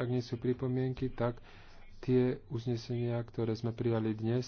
ak nie sú pripomienky, tak tie uznesenia, ktoré sme prijali dnes,